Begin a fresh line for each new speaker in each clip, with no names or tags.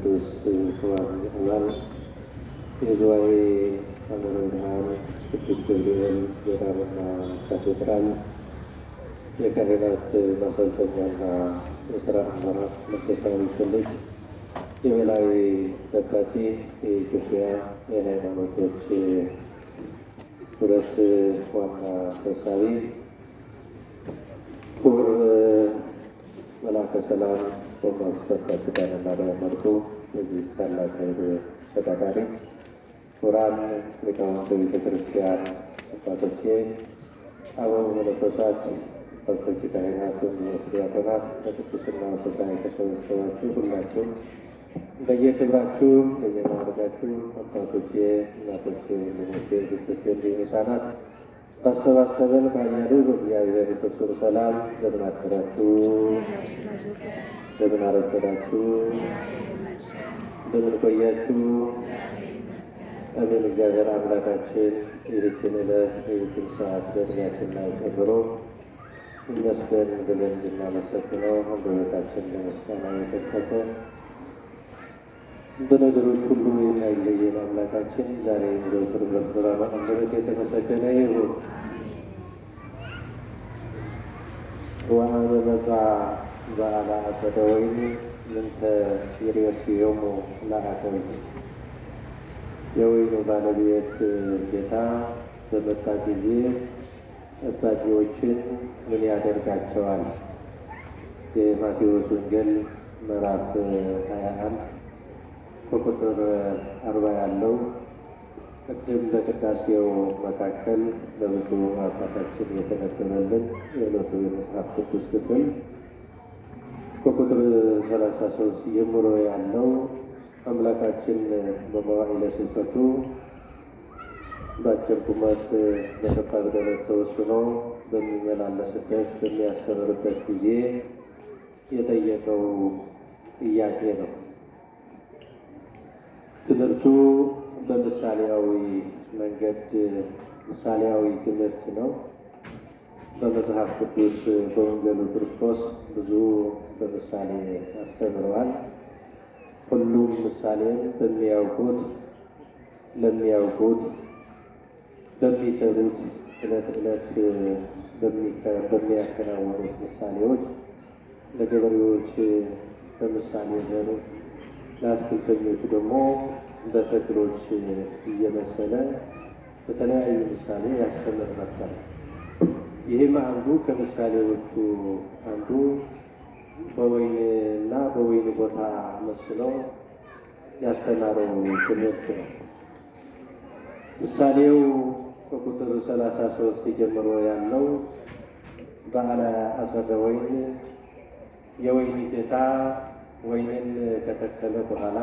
ቅዱስ ተዋህዶ ሃይማኖት የዝዋይ ሀገረ ብርሃን ቅዱስ ገብርኤል ገዳምና ካቴድራል የካህናት ማሰልጠኛና የስራ አመራር መንፈሳዊ ኮሌጅ የበላዊ ተካቲ የኢትዮጵያ የሃይማኖቶች ሁለት ዋና ሰብሳቢ ክቡር መላከ ሰላም በማስፈሳች ጋርና መልኩ እዚህ ታላቅ ኃይል ተጠቃሪ ሱራን ሊቃውንተ ቤተ ክርስቲያን አባቶቼ፣ አበው መነኮሳት፣ አባቶች፣ ካህናቱን ያተናት በቅድስና ወሰታ የተሰበሰባችሁ ሁላችሁ በየክብራችሁ በየማዕረጋችሁ አባቶቼ፣ እናቶቼ፣ ወንድሞቼ፣ ቤቶቼ እንዲህ ህፃናት ባሰባሰበን ባያሉ በእግዚአብሔር ፍጹም ሰላም እንደምን አደራችሁ? እንደምን አረፈዳችሁ? እንደምን ቆያችሁ? አሜን። እግዚአብሔር አምላካችን ይህችን ዕለት ይህችን ሰዓት በእድሜያችን ላይ ቀብሮ ይመስገን ብለን እንድናመሰግነው በቤታችን ለመስጋና የከተተ በነገሮች ሁሉ የማይለየን አምላካችን ዛሬ ዘወትር በምስጋና ምሕረት የተመሰገነ ይሁን። ወሀበበ በዓለ አጸደ ወይኒ ምንተ ይሬስዮሙ ለአኀተዊ፣ የወይኑ ባለቤት ጌታ በመጣ ጊዜ ጠባቂዎችን ምን ያደርጋቸዋል? የማቴዎስ ወንጌል ምዕራፍ 21 በቁጥር አርባ ያለው ቅድም በቅዳሴው መካከል በብዙ አባታችን የተነበበልን የዕለቱ የመጽሐፍ ቅዱስ ክፍል በቁጥር ሰላሳ ሶስት ጀምሮ ያለው አምላካችን በመዋዕለ ስብከቱ በአጭር ቁመት በከባድ ደረት ተወስኖ በሚመላለስበት በሚያስተምርበት ጊዜ የጠየቀው ጥያቄ ነው። ትምህርቱ በምሳሌያዊ መንገድ ምሳሌያዊ ትምህርት ነው። በመጽሐፍ ቅዱስ በወንጌሉ ክርስቶስ ብዙ በምሳሌ አስተምረዋል። ሁሉም ምሳሌን በሚያውቁት ለሚያውቁት በሚሰሩት እለት እለት በሚያከናወኑት ምሳሌዎች ለገበሬዎች በምሳሌ ዘሩ ለአትክልተኞቹ ደግሞ በተክሎች እየመሰለ በተለያዩ ምሳሌ ያስቀምጥናቸዋል። ይህም አንዱ ከምሳሌዎቹ አንዱ በወይንና በወይን ቦታ መስለው ያስተማረው ትምህርት ነው። ምሳሌው በቁጥር ሰላሳ ሶስት ጀምሮ ያለው በዓለ አሰረ ወይን የወይን ጌታ ወይንን ከተከለ በኋላ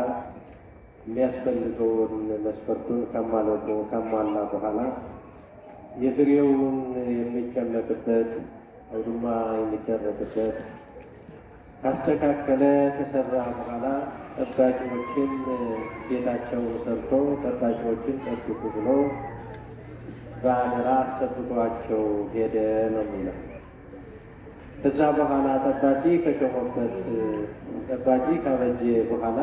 የሚያስፈልገውን መስፈርቱን ከሟላ በኋላ የፍሬውን የሚጨመቅበት አውድማ የሚደረግበት ካስተካከለ ከሰራ በኋላ ጠባቂዎችን ቤታቸውን ሰርቶ ጠባቂዎችን ጠብቁ ብሎ በአደራ አስጠብቋቸው ሄደ ነው የሚለው። ከዛ በኋላ ጠባቂ ከሾመበት ጠባቂ ካበጀ በኋላ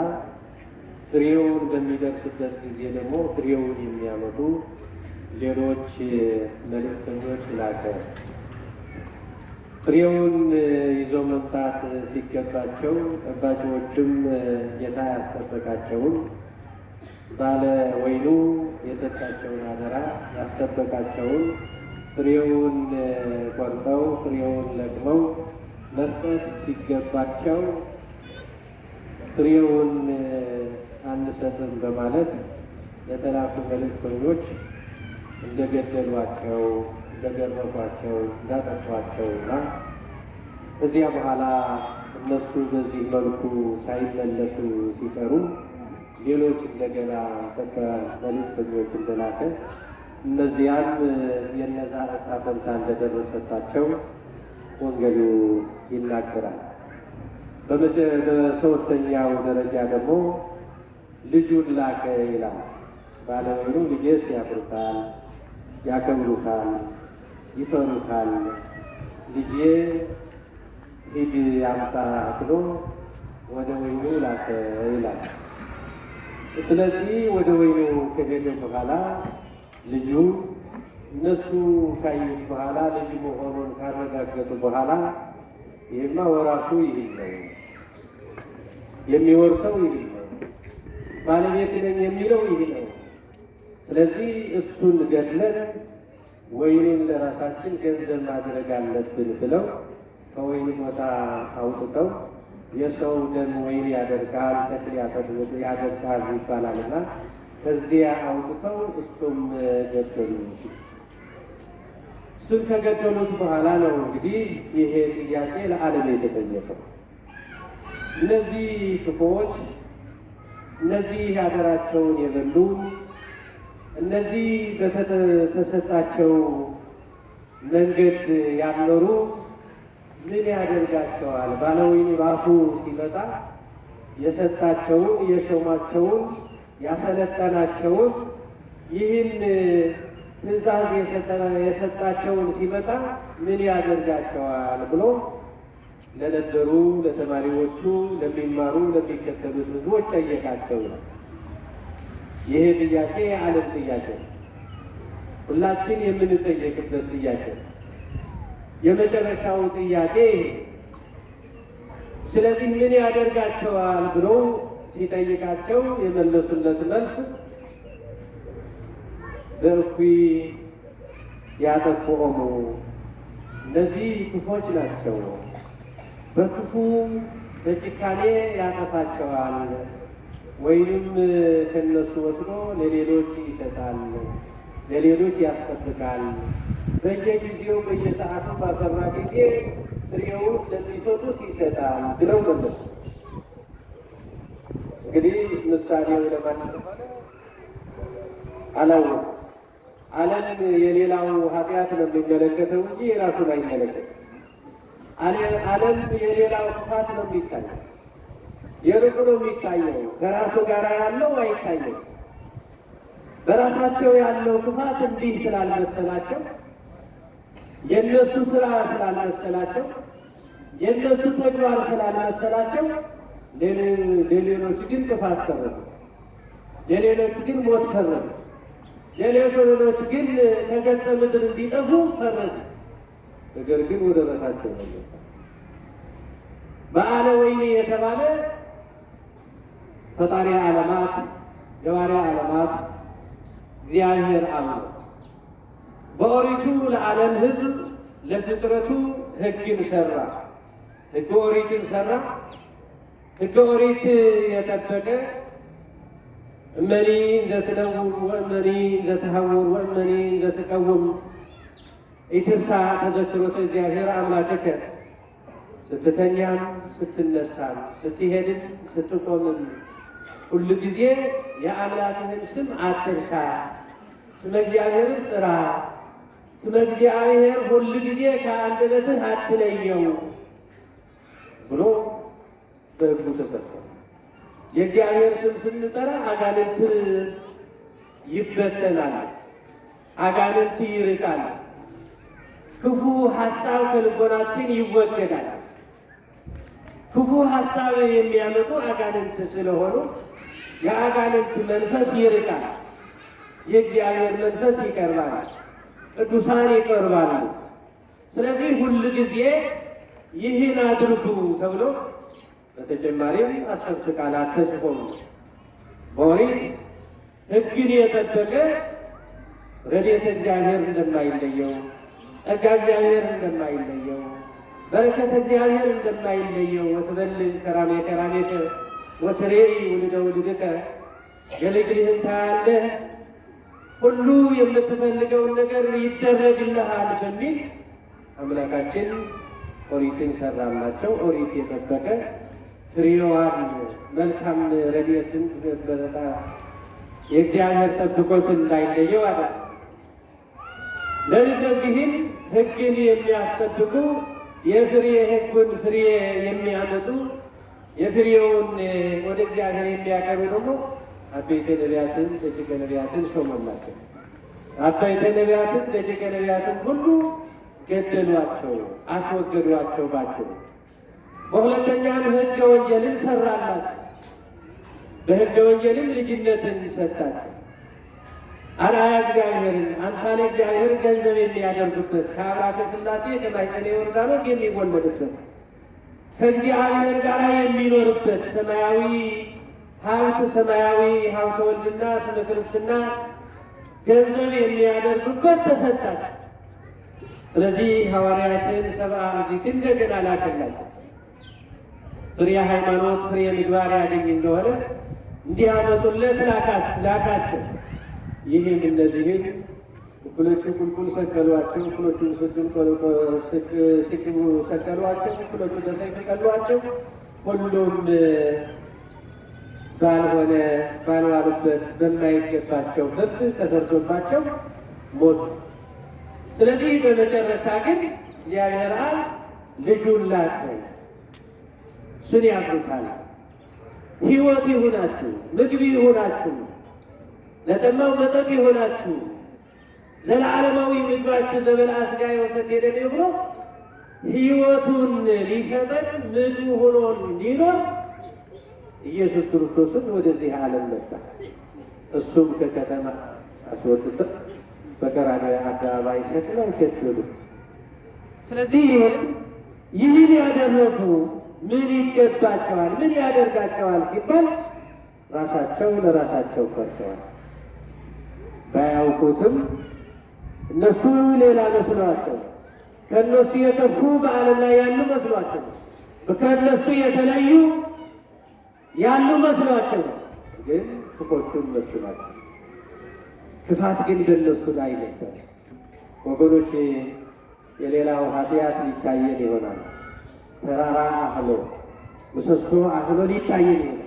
ፍሬውን በሚደርስበት ጊዜ ደግሞ ፍሬውን የሚያመጡ ሌሎች መልእክተኞች ላከ። ፍሬውን ይዞ መምጣት ሲገባቸው ጠባቂዎችም ጌታ ያስጠበቃቸውን ባለ ወይኑ የሰጣቸውን አደራ ያስጠበቃቸውን ፍሬውን ቆርጠው ፍሬውን ለቅመው መስጠት ሲገባቸው ፍሬውን አንሰጥም በማለት ለተላኩ መልእክተኞች እንደገደሏቸው፣ እንደገረፏቸው፣ እንዳጠፏቸውና ከዚያ በኋላ እነሱ በዚህ መልኩ ሳይመለሱ ሲቀሩ ሌሎች እንደገና መልእክተኞች እንደላከ እነዚያም የነዛ ዕጣ ፈንታ እንደደረሰባቸው ወንጌሉ ይናገራል። በሶስተኛው ደረጃ ደግሞ ልጁን ላከ ይላል። ባለወይኑ ልጄስ ያፍሩታል፣ ያከብሩታል፣ ይፈሩታል፣ ልጄ ሂድ ያምጣ ብሎ ወደ ወይኑ ላከ ይላል። ስለዚህ ወደ ወይኑ ከሄደ በኋላ ልጁ እነሱ ካዩት በኋላ ልጅ መሆኑን ካረጋገጡ በኋላ ይህማ ወራሹ ይህ ነው የሚወርሰው ይህ ነው ባለቤት የሚለው ይህ ነው። ስለዚህ እሱን ገድለን ወይኑን ለራሳችን ገንዘብ ማድረግ አለብን ብለው ከወይኑ ቦታ አውጥተው የሰው ደም ወይን ያደርጋል ተክል ያደርጋል ይባላልና ከዚያ አውጥተው እሱም ገደሉ እሱም ከገደሉት በኋላ ነው እንግዲህ ይሄ ጥያቄ ለዓለም የተጠየቀው። እነዚህ ክፉዎች፣ እነዚህ ሀገራቸውን የበሉ እነዚህ በተሰጣቸው መንገድ ያልኖሩ ምን ያደርጋቸዋል? ባለወይን ራሱ ሲመጣ የሰጣቸውን የሾማቸውን ያሰለጠናቸውን ይህን ትእዛዝ የሰጣቸውን ሲመጣ ምን ያደርጋቸዋል ብሎ ለነበሩ ለተማሪዎቹ፣ ለሚማሩ፣ ለሚከተሉት ህዝቦች ጠየቃቸው። ይሄ ጥያቄ የዓለም ጥያቄ ሁላችን የምንጠየቅበት ጥያቄ የመጨረሻው ጥያቄ ስለዚህ ምን ያደርጋቸዋል ብሎ ሲጠይቃቸው የመለሱለት መልስ በእኩይ ያጠፉ እነዚህ ክፎች ናቸው፣ በክፉ በጭካኔ ያጠፋቸዋል፣ ወይንም ከነሱ ወስዶ ለሌሎች ይሰጣል፣ ለሌሎች ያስጠብቃል። በየጊዜው በየሰዓቱ ባሰራ ጊዜ ፍሬውን ለሚሰጡት ይሰጣል ብለው መለሱ። እንግዲህ ምሳሌው ለማን አላው ዓለም የሌላው ኃጢአት ነው የሚመለከተው እንጂ የራሱን አይመለከት። ዓለም የሌላው ክፋት ነው የሚታየው፣ የሩቁ ነው የሚታየው፣ ከራሱ ጋር ያለው አይታየው። በራሳቸው ያለው ክፋት እንዲህ ስላልመሰላቸው፣ የእነሱ ስራ ስላልመሰላቸው፣ የእነሱ ተግባር ስላልመሰላቸው ለሌሎቹ ግን ጥፋት ፈረዱ፣ ለሌሎቹ ግን ሞት ፈረዱ፣ ለሌሎቹ ግን ከገጸ ምድር እንዲጠፉ ፈረዱ። ነገር ግን ወደ ራሳቸው ነው በዓለ ወይኔ የተባለ ፈጣሪ ዓለማት ገባሪ ዓለማት እግዚአብሔር አብ ነው። በኦሪቱ ለዓለም ሕዝብ ለፍጥረቱ ሕግን ሰራ ሕግ ኦሪትን ሰራ ሕገ ኦሪት የጠበቀ እመኒ ዘትደውም ወእመኒ ዘትሐውር ወእመኒ ዘትቀውም ኢትሳ ተዘክሮተ እግዚአብሔር አምላክከ ስትተኛም ስትነሳም ስትሄድም ስትቆምም ሁሉ ጊዜ የአምላክህን ስም አትርሳ። ስመ እግዚአብሔርን ጥራ። ስመ እግዚአብሔር ሁሉ ጊዜ ከአንደበትህ አትለየው ብሎ በሕጉ ተሰጠ። የእግዚአብሔር ስም ስንጠራ አጋንንት ይበተናል፣ አጋንንት ይርቃል፣ ክፉ ሀሳብ ከልቦናችን ይወገዳል። ክፉ ሀሳብ የሚያመጡ አጋንንት ስለሆኑ የአጋንንት መንፈስ ይርቃል፣ የእግዚአብሔር መንፈስ ይቀርባል፣ ቅዱሳን ይቀርባሉ። ስለዚህ ሁል ጊዜ ይህን አድርጉ ተብሎ በተጨማሪም አስርት ቃላት ተጽፎ ነው። በኦሪት ሕግን የጠበቀ ረድኤተ እግዚአብሔር እንደማይለየው፣ ጸጋ እግዚአብሔር እንደማይለየው፣ በረከተ እግዚአብሔር እንደማይለየው ወትበልዕ ከራሜ ከራሜከ ወትሬኢ ውልደ ውልድከ ገልግልህን ታያለህ ሁሉ የምትፈልገውን ነገር ይደረግልሃል በሚል አምላካችን ኦሪትን ሰራላቸው። ኦሪት የጠበቀ ፍሬዋን መልካም ረድኤትን በጣ የእግዚአብሔር ጠብቆት እንዳይለየው አለ። ለእነዚህም ሕግን የሚያስጠብቁ የፍሬ ህጉን ፍሬ የሚያመጡ የፍሬውን ወደ እግዚአብሔር የሚያቀርቡ ደግሞ አበይተ ነቢያትን ደቂቀ ነቢያትን ሾመላቸው። አበይተ ነቢያትን ደቂቀ ነቢያትን ሁሉ ገደሏቸው፣ አስወገዷቸው ባቸው በሁለተኛም ህገ ወንጌልን ሰራላት በህገ ወንጌልም ልጅነትን ሰጣቸው። አርአያ እግዚአብሔርን አምሳሌ እግዚአብሔር ገንዘብ የሚያደርጉበት ከአብራከ ስላሴ ከማይፀነ ዮርዳኖስ የሚወለድበት ከእግዚአብሔር ጋር የሚኖርበት ሰማያዊ ሀብት ሰማያዊ ሀብተ ወልድና ስመ ክርስትና ገንዘብ የሚያደርጉበት ተሰጣቸው። ስለዚህ ሐዋርያትን ሰብአ እንደገና ላከላቸው ፍሬ ሃይማኖት ፍሬ ምግባር ያገኝ እንደሆነ እንዲያመጡለት ላካት ላካቸው። ይህም እነዚህም እኩሎቹ ቁልቁል ሰቀሏቸው፣ እኩሎቹ ስቅም ሰቀሏቸው፣ እኩሎቹ በሰይፍ ቀሏቸው። ሁሉም ባልሆነ ባልዋሉበት በማይገባቸው ፍርድ ተፈርዶባቸው ሞቱ። ስለዚህ በመጨረሻ ግን እግዚአብሔር አብ ልጁን ላከ። ስን ያፍሩታል። ሕይወት ይሁናችሁ፣ ምግቢ ይሁናችሁ፣ ለጠማው መጠጥ ይሁናችሁ። ዘለዓለማዊ ምግባችሁ ዘበልዐ ሥጋ ወዘተ የደም ብሎ ሕይወቱን ሊሰጠን ምግብ ሆኖን ሊኖር ኢየሱስ ክርስቶስን ወደዚህ ዓለም መጣ። እሱም ከከተማ አስወጥተው በቀራንዮ አደባባይ ሰቅለው ገደሉት። ስለዚህ ይህን ይህን ያደረጉ ምን ይገባቸዋል? ምን ያደርጋቸዋል ሲባል ራሳቸው ለራሳቸው ፈርተዋል። ባያውቁትም እነሱ ሌላ መስሏቸው ከእነሱ የከፉ በዓለም ላይ ያሉ መስሏቸው ከእነሱ የተለዩ ያሉ መስሏቸው ግን ክፎቹ እነሱ ናቸው። ክፋት ግን በእነሱ ላይ ነበር። ወገኖች የሌላው ኃጢአት ሊታየን ይሆናል። ተራራ አህሎ ምሰሶ አህሎ ሊታየን ይሆናል።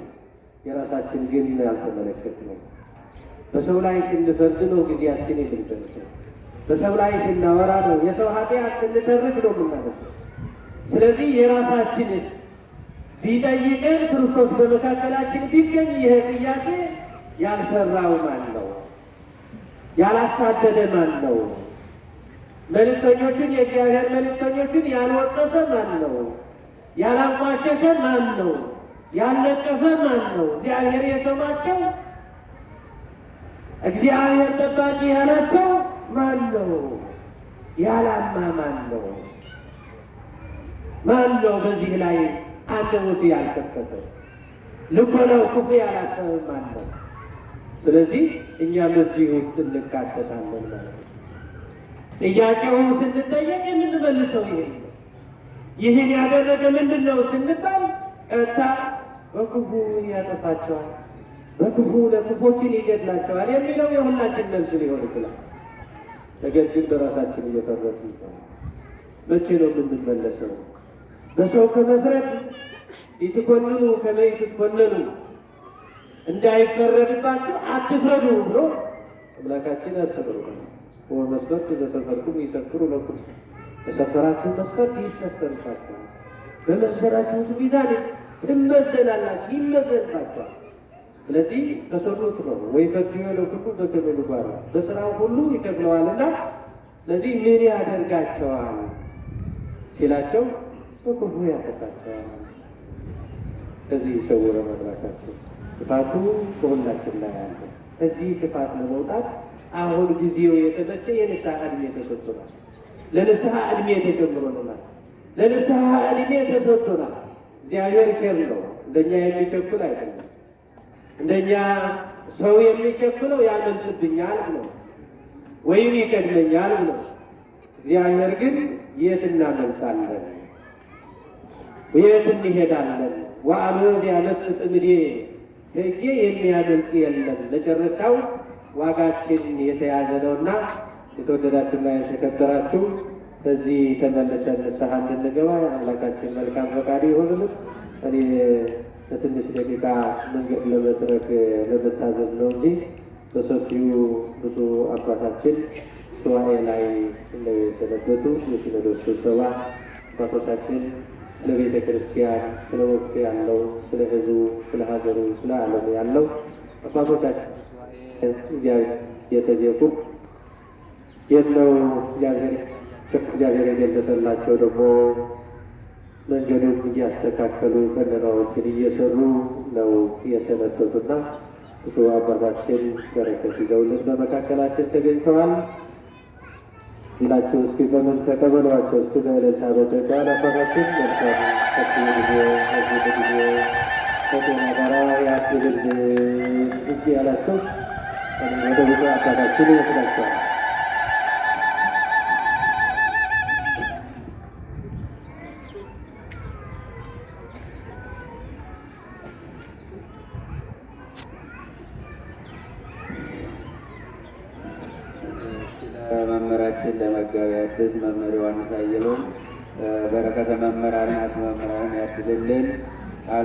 የራሳችን ግን ያልተመለከት ነው። በሰው ላይ ስንፈርድ ነው ጊዜያችን የምንደርሰው። በሰው ላይ ስናወራ ነው። የሰው ኃጢአት ስንተርክ ነው የምናደርገው። ስለዚህ የራሳችን ቢጠይቀን ክርስቶስ በመካከላችን ቢገኝ ይህ ጥያቄ ያልሰራው ማን ነው? ያላሳደደ ማን ነው? መልእክተኞቹን የእግዚአብሔር መልእክተኞችን ያልወቀሰ ማን ነው? ያላንቋሸሸ ማን ነው? ያልነቀፈ ማን ነው? እግዚአብሔር የሰማቸው እግዚአብሔር ጠባቂ ያላቸው ማን ነው? ያላማ ማን ነው? ማን ነው? በዚህ ላይ አንደበቱ ያልከፈተ ልቦናው ክፉ ያላሰበ ማን ነው? ስለዚህ እኛ በዚህ ውስጥ እንካተታለን ማለት ነው። ጥያቄውን ስንጠየቅ የምንመልሰው ይሄ ይህን ያደረገ ምንድን ነው ስንባል ቀጥታ በክፉ ያጠፋቸዋል፣ በክፉ ለክፎችን ይገድላቸዋል የሚለው የሁላችን መልስ ሊሆን ይችላል። ነገር ግን በራሳችን እየፈረቱ መቼ ነው የምንመለሰው? በሰው ከመፍረት ይትኮንኑ ከመ ይትኮነኑ እንዳይፈረድባችሁ አትፍረዱ ብሎ አምላካችን ያስተምሩናል። ወመስፈርት ዘሰፈርኩም ይሰክሩ ለኩም በሰፈራችሁ መስፈርት ይሰፈርባችኋል፣ በመሰራችሁት ሚዛን ትመዘናላችሁ፣ ይመዘንባችኋል። ስለዚህ በሰሩት ነው ወይ የሆነ ለሁሉ በገበ ጓር በስራው ሁሉ ይከፍለዋልና ስለዚህ ምን ያደርጋቸዋል ሲላቸው በክፉ ያጠቃቸዋል። ከዚህ ይሰውረ መድራካቸው ክፋቱ በሁላችን ላይ አለ። እዚህ ክፋት ለመውጣት አሁን ጊዜው የተመቸ የንስሐ ዕድሜ ተሰጥቷል። ለንስሐ እድሜ የተጀምሮ ነው ማለት ለንስሐ ዕድሜ ተሰጥቶናል። እግዚአብሔር ኬር ነው። እንደኛ የሚቸኩል አይደለም። እንደኛ ሰው የሚቸኩለው ያመልጥብኛል ነው ወይም ይቀድመኛል ነው። እግዚአብሔር ግን የት እናመልጣለን? የት እንሄዳለን? ወአልቦ ያመስጥ እምዴ ህጌ የሚያመልጥ የለም። መጨረሻው ዋጋችን የተያዘ ነውና የተወደዳችሁና የተከበራችሁ በዚህ ተመልሰን ንስሐ እንድንገባ አምላካችን መልካም ፈቃድ ይሆንልን። እኔ በትንሽ ደቂቃ መንገድ ለመድረግ ለመታዘዝ ነው እንጂ በሰፊው ብዙ አባታችን ሱባኤ ላይ እንደሰነበቱ የሲኖዶስ ስብሰባ አባቶቻችን ስለ ቤተ ክርስቲያን፣ ስለ ወቅቱ ያለው፣ ስለ ሕዝቡ፣ ስለ ሀገሩ፣ ስለ ዓለሙ ያለው አባቶቻችን እዚያ የተጀቁ የለውም። እግዚአብሔር የገለጠላቸው ደግሞ መንገዱን እያስተካከሉ ቀኖናዎችን እየሰሩ ነው የሰነበቱና ብዙ አባታችን በረከት ይዘውልን በመካከላችን ተገኝተዋል። ይላቸው እስኪ በምን ተቀበሏቸው እስኪ በእልልታ በተጋል አባታችን መልካም ሰፊ ጊዜ ከጤና ጋራ የአስብልን እጅ ያላቸው ወደ ብዙ አባታችን ይወስዳቸዋል።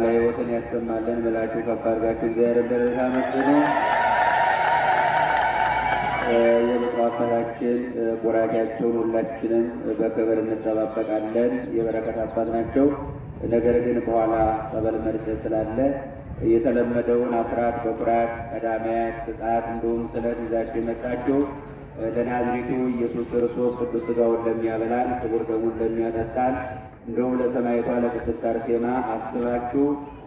ቃለ ሕይወትን ያሰማለን ብላችሁ ከፍ አድርጋችሁ እግዚአብሔርን በረታ መስሉ የብፁዕ አባታችን ቡራኬያቸውን ሁላችንም በክብር እንጠባበቃለን። የበረከት አባት ናቸው። ነገር ግን በኋላ ጸበል መርጨ ስላለ የተለመደውን አስራት በኩራት ቀዳሚያት ፍጻት እንዲሁም ስለት ይዛችሁ የመጣችሁ ለናዝሪቱ ኢየሱስ ክርስቶስ ቅዱስ ሥጋውን ለሚያበላን ክቡር ደሙን ለሚያጠጣን እንደውም ለሰማዕቷ ለቅድስት አርሴማ አስባችሁ